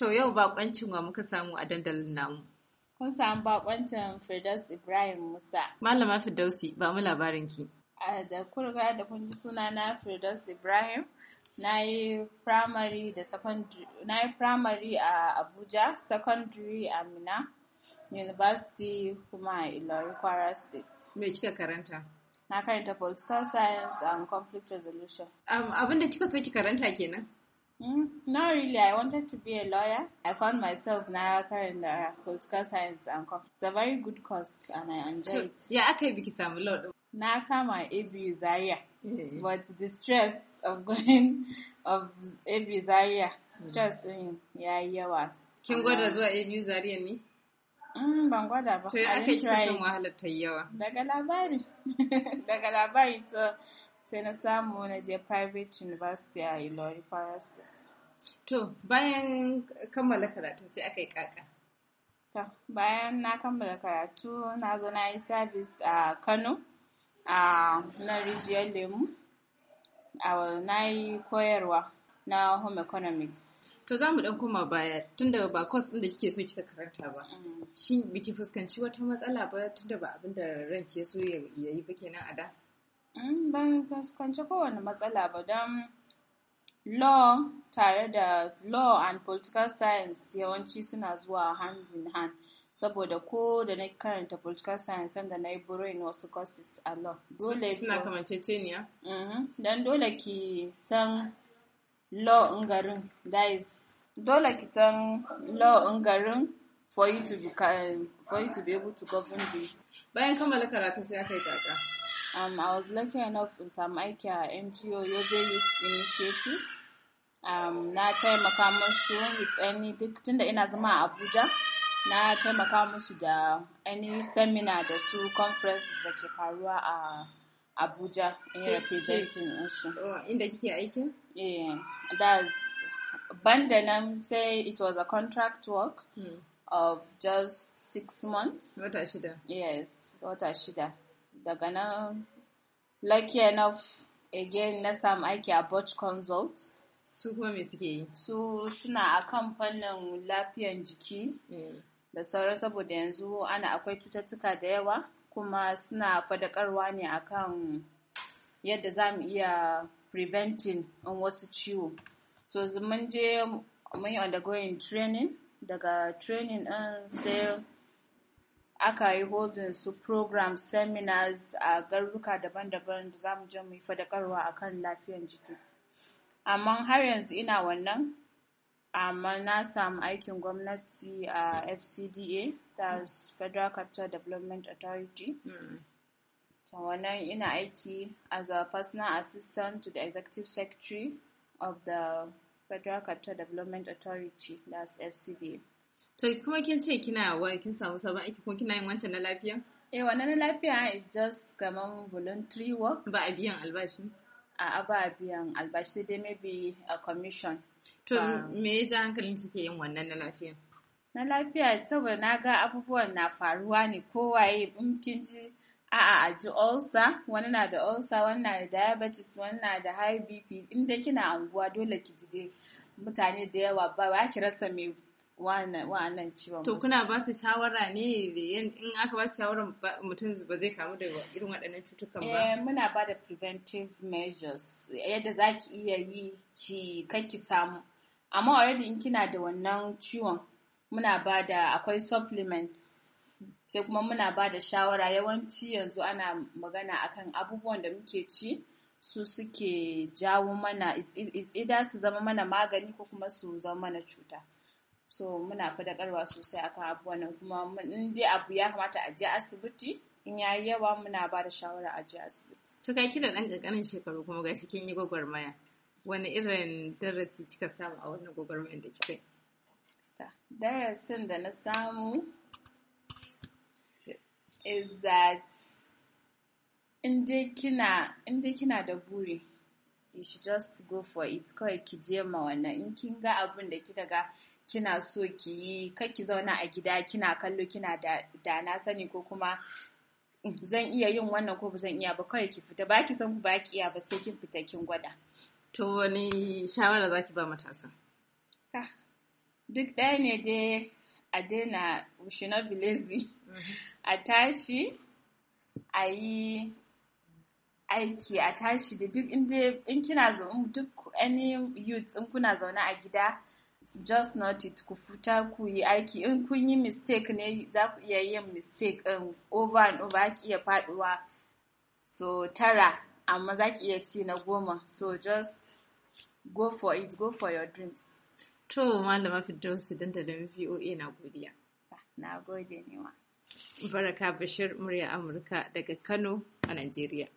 To yau bakoncin wa muka samu a dandalin namu. Kun samu bakoncin Firdaus Ibrahim Musa. Malama Firdausi ba mu labarin ki. A da kurga da kun ji suna na Firdaus Ibrahim. Na yi primary a Abuja, secondary a Minna, University kuma a Ilori Kwara State. Me kika karanta? Na karanta political science and conflict resolution. Um, kika so ki karanta kenan? Mm, not really. I wanted to be a lawyer. I found myself now in the political science and conflict. It's a very good course and I enjoy it. Yeah, okay, because I'm a lot. Na samu ABU Zaria, but the stress of going of ABU Zaria, stress din ya yi yawa. Kin gwada zuwa ABU Zaria ne? Mm, ban gwada ba. To ya aka yi kisan wahalar ta yawa. Daga labari. Daga labari so sai na samu na je private university a Ilori Kwara To, bayan kammala karatu sai aka yi kaka. Ta, bayan na kammala karatu na zo na yi service a Kano a na rijiyar lemu. A na yi koyarwa na home economics. To za mu ɗan koma baya tun ba kwas ɗin da kike so kika karanta ba. Mm. Shin biki fuskanci wata matsala ba tun ba abinda da ranki ya so ya yi ba kenan a da? Mm, Ban fuskanci kowane matsala ba don law tare da law and political science yawanci suna zuwa hand in hand saboda ko da na karanta political science sanda na yi brain wasu courses a law dole suna kamanceceniya mm-hmm. don dole ki san law in garin dole ki san law in garin for you to be for you to be able to govern this bayan kammala karatun sai aka yi kaka Um, I was lucky enough in samu aiki a NGO Yobe Youth Initiative. Um, na taimaka musu with any duk tunda ina zama a Abuja na taimaka musu da any seminar da su conference da ke faruwa a Abuja in representing su. Oh, inda kike aikin? Yeah, that's banda nan sai it was a contract work hmm. of just six months. Wata shida. Yes, wata shida. daga nan lucky enough again na samu aiki a Botch consult su kuma me suke yi su suna akan fannin lafiyan jiki mm. da sauran saboda yanzu ana akwai cututtuka da yawa kuma suna fadakarwa ne akan yadda za mu iya preventing in wasu ciwo so mun je mun yi undergoing training daga training din sai aka yi holding su program seminars a garuruka daban-daban da za mu je mu yi fadakarwa akan lafiyan jiki amma har yanzu ina wannan amma na samu aikin gwamnati a fcda ta federal capital development authority ta hmm. wannan ina aiki as a personal assistant to the executive secretary of the federal capital development authority that's fcda To kuma kin ce kina wa kin samu sabon aiki ko kina yin wancan na lafiya? Eh wannan na lafiya is just kaman voluntary work. Ba a biyan albashi? A ba a biyan albashi sai dai maybe a commission. To um, me ya ji hankalin kike yin wannan na lafiya? Na lafiya saboda na ga abubuwan na faruwa ne kowaye in kin ji a'a a ji ulcer wani na da ulcer wani na da diabetes wani na da high bp in dai kina anguwa dole ki ji dai mutane da yawa ba ki rasa mai wa'annan ciwon to kuna ba su shawara ne in aka ba su shawara mutum ba zai kamu da irin waɗannan cutukan ba eh, muna ba da preventive measures yadda za ki iya yi ki ki samu amma already in kina da wannan ciwon muna ba da akwai supplements sai kuma muna ba da shawara yawanci yanzu ana magana akan abubuwan da muke ci su suke jawo mana it's either su zama mana magani ko kuma su zama mana cuta so muna fadakarwa sosai akan abubuwan nan kuma in dai abu ya kamata a je asibiti in ya yi yawa muna ba da shawara a je asibiti. To kai kina ɗan kankanin shekaru kuma gashi kin yi gwagwarmaya. Wani irin darasi kika samu a wannan gwagwarmaya da kika yi? Darasin da na samu is that in dai kina da buri you should just go for it kawai ki je ma wannan in kin ga abun da kika ga kina so ki yi kar ki zauna a gida kina kallo kina da, da na sani ko kuma zan iya yin wannan ko ba zan iya ba kawai ki fita ba ki san ku ki iya ba sai kin fita kin gwada to wani shawara za ki ba matasa duk ɗaya ne dai a daina shina bilezi a tashi a yi aiki a tashi da duk inda in kina zaune duk any youth in kuna zaune a gida just not it ku futa ku yi aiki in kun yi mistake ne za ku iya yin mistake In um, over and over ki iya faduwa so tara amma za ki iya ci na goma so just go for it go for your dreams to malama firdausi dandalin voa na godiya ah, na gode ne wa baraka bashir murya amurka daga kano a najeriya